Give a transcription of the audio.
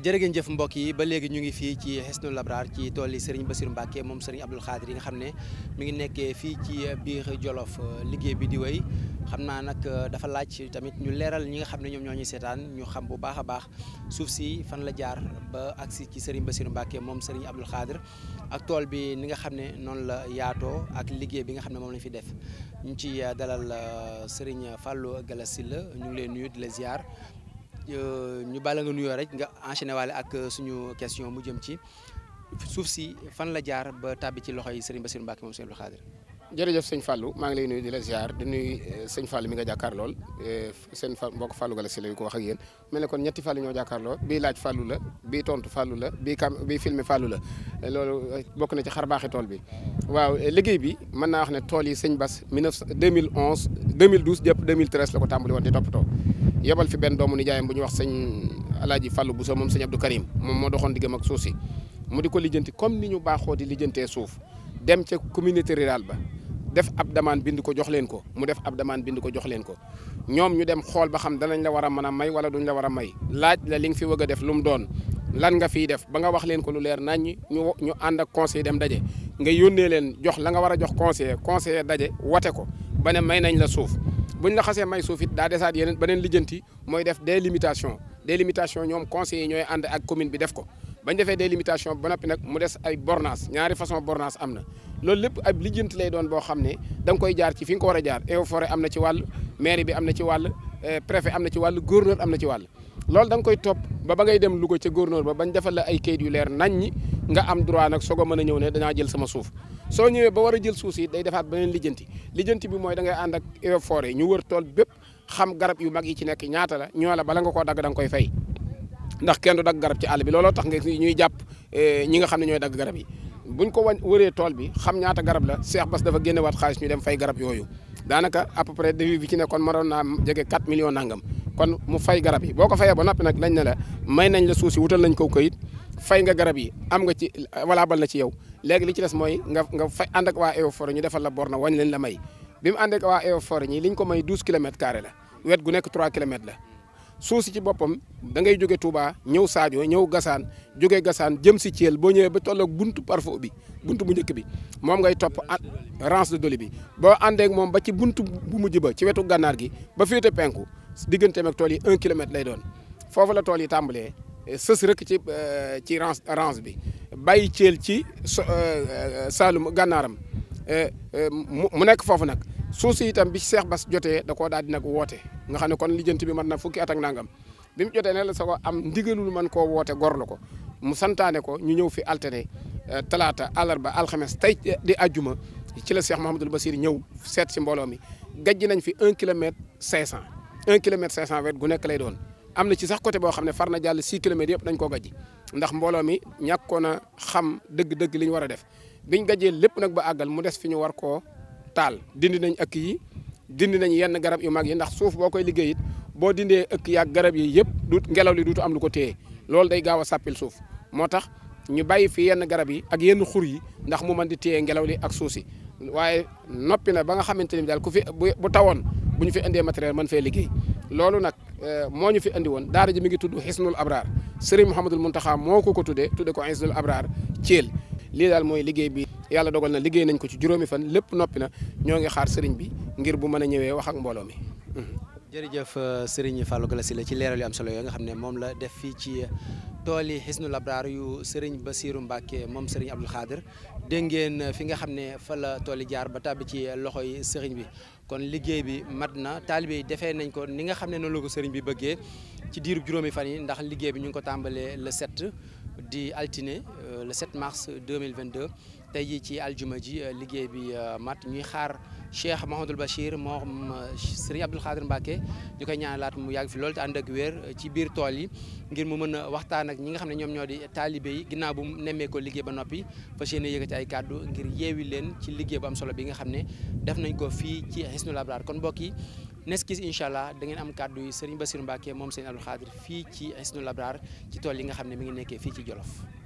jërëgéen jëf mbokk yi ba léegi ñu ngi fii ci Hisnul Abrar ci tool yi Serigne Bassirou Mbacké moom Serigne Abdoul Khadir yi nga xam ne mi ngi nekkee fii ci biir Jolof euh, liggéey bi di wéy xam naa nag euh, dafa laaj tamit ñu leeral ñi nga xam ne ñoom ñoo ñuy seetaan ñu xam bu baax a baax suuf si fan la jaar ba agsi ci Serigne Bassirou Mbacké moom Serigne Abdoul Khadir ak tool bi ni nga xam ne noonu la yaatoo ak liggéey bi nga xam ne moom lañ fi def ñu ci euh, dalal Serigne Fallou Galassila ñu ngi leen nuyu di la Euh, ñu bala nga nuyoo rek nga enchaîné waale ak euh, suñu question mu jëm ci suuf si fan la jaar ba tàbbi ci loxo yi Serigne Bassirou Mbacke moom Serigne Abdou Khadir. jërëjëf sëñ Fallou maa ngi lay di la ziar di nuyu euh, sëñ Fallou mi nga jàkkaar lool seen mbokk Fallou Gala si la ko wax ak yéen mel ne kon ñetti Fallou ñoo jàkkaarloo bi laaj Fallou la bii tontu Fallou la bii cam bii filmé Fallou la loolu bokk na ci xar baaxi tool bi. waaw liggéey bi mën naa wax ne tool yi sëñ Bass 19 2011 2012 jëpp 2013 la ko tàmbali woon di toppatoo. yebal fi benn doomu nijaayam bu ñuy wax sëñ alaaji Fàllu Buso moom sëñ Abdou Karim moom moo doxoon diggam ak suuf si mu di ko lijjanti comme ni ñu baaxoo di lijjantee suuf dem ca communauté rurale ba def ab demande bind ko jox leen ko mu def ab demande bind ko jox leen ko ñoom ñu dem xool ba xam danañ la war a mën a may wala duñ la war a may laaj la li nga fi wëgg a def lu mu doon lan nga fiy def ba nga wax leen ko lu leer nañ ñu ñu ànd ak conseil dem daje nga yónnee leen jox la nga war a jox conseiller conseiller daje wote ko ba ne may nañ la suuf buñ la xasee may suuf it daa desaat yeneen beneen lijjanti mooy def délimitation délimitation ñoom conseillers ñooy ànd ak commune bi def ko bañ defee délimitation ba noppi nag mu des ay bornage ñaari façon bornage am na lool lépp ab lijjanti lay doon boo xam ne danga koy jaar ci fi nga ko war a jaar eaux forêt am na ci wàll mairie bi am na ci wàll euh, préfet am na ci wàll gouverneur am na ci wàll loolu danga koy topp ba ba ngay dem Louga ca gouverneur ba bañ defal la ay kayit yu leer nañ ñi nga am droit nag soog mën a ñëw ne dañaa jël sama suuf soo ñëwee ba war a jël suuf si day defaat beneen lijjanti lijjanti bi mooy da ngay ànd ak eaux forêt yi ñu wër tool bépp xam garab yu mag yi ci nekk ñaata la ñoo la bala nga koo dagg da koy fay ndax kenn du dagg garab ci àll bi looloo tax nga ñuy jàpp eh, ñi nga xam ne ñooy dagg garab yi buñ ko wañ wëree tool bi xam ñaata garab la Cheikh Bass dafa génnewaat xaalis ñu dem fay garab yooyu daanaka à peu près début bi ci nekkoon maroon naa jege 4 millions nangam kon mu fay garab yi boo ko fayee ba noppi nag lañ ne la may nañ la suuf si wutal nañ ko kayit fay nga garab yi am nga ci wala bal na ci yow léegi li ci des mooy nga nga fay ànd ak waa EOFOR ñu defal la borne wañ lañ la may bi mu ànd ak waa EOFOR ñi liñ ko may 12 kilomètres carré la wet gu nekk 3 kilomètres la suuf si ci boppam dangay ngay jóge Touba ñëw Sadio ñëw Gassane jóge Gassane jëm si Thiel boo ñëwee ba tolloog buntu parfo bi buntu bu njëkk bi moom ngay topp rance de doli bi boo àndee moom ba ci bunt bu mujj ba ci wetu gànnaar gi ba féete penku diggante ak tool yi un kilomètre lay doon foofu la tool yi tàmbalee eh, sës rëkk ci eh, ci range range bi bàyyi ceel ci eh, Saalum gànnaaram mu nekk foofu nag suuf si itam bi Seex Bas jotee da koo daal di nag woote nga xam ne kon lijjanti bi mën na fukki at ak nangam bi mu jotee ne la sa ko am ndigalul mën koo woote gor la ko mu santaane ko ñu ñëw fi altine talaata àllarba alxames tey di ajuma ci la Seex Mahamadul Basir ñëw seet si mbooloo mi gajj nañ fi un kilomètre cinq cent un kilomètre cinq cent vingt gu nekk lay doon am na ci sax côté boo xam ne far na jàll six kilomètres yëpp dañ koo gajji ndax mbooloo mi ñàkkoon xam dëgg-dëgg liñ ñu war a def biñ gajee lépp nag ba àggal mu des fi ñu war ko taal dindi nañ ëkk yi dindi nañ yenn garab yu mag yi ndax suuf boo koy liggéey boo dindee ëkk yaag garab yi yëpp du ngelaw li duutu am lu ko téye loolu day gaaw a sappil suuf moo tax ñu bàyyi fi yenn garab yi ak yenn xur yi ndax mu mën di téye ngelaw li ak suuf si waaye noppi na ba nga xamante ni daal ku fi bu tawoon bu ñu fi indee matériel man fee liggéey loolu nag euh, moo ñu fi indi woon daara ji mi ngi tudd xisnul abraar sëriñ Mouhamadul Muntaxa moo ko ko tuddee tudde ko xisnul abraar Thiel li daal mooy liggéey bi yàlla dogal na liggéey nañ ko ci juróomi fan lépp noppi na ñoo ngi xaar sëriñ bi ngir bu mën a ñëwee wax ak mbooloo mi jërëjëf euh, sëriñ Fallou Gallassi la ci leeral yi am solo yoo nga xam ne moom la def fii ci tooli Hisnul Abraar yu Serigne Bassirou Mbacke moom Serigne Abdoul Khadir dégg ngeen euh, fi nga xam ne fa la tool yi jaar ba tàbbi ci euh, loxo yi Serigne bi kon liggéey bi mat na taalibe yi defee nañ ko ni nga xam ne noonu la ko bi bëggee ci diirub juróomi fan yi ndax liggéey bi ñu ngi ko tàmbalee le 7 di altine euh, le 7 mars 2022. tey jii ci aljuma ji euh, liggéey bi euh, matt ñuy xaar Cheikh Mahamadul moo moom euh, Serigne Abdoul Khadir Mbacke ñu koy ñaanalaat mu yàgg fi loolu te ànd ak wér ci biir tool yi ngir mu mën a waxtaan ak ñi nga xam ne ñoom ñoo di taalibe yi ginnaaw bu nemmee ko liggéey ba noppi fas yéene yëkkati ay kàddu ngir yeewi leen ci liggéey bu am solo bi nga xam ne def nañ ko fii ci xisnu Abrar kon mbokk yi neskis incha allah da ngeen am kàddu yi Serigne Bachir Mbacke moom Serigne Abdoul fii ci Hisnul Abrar ci tool yi nga xam ne mi ngi nekkee fii ci Jolof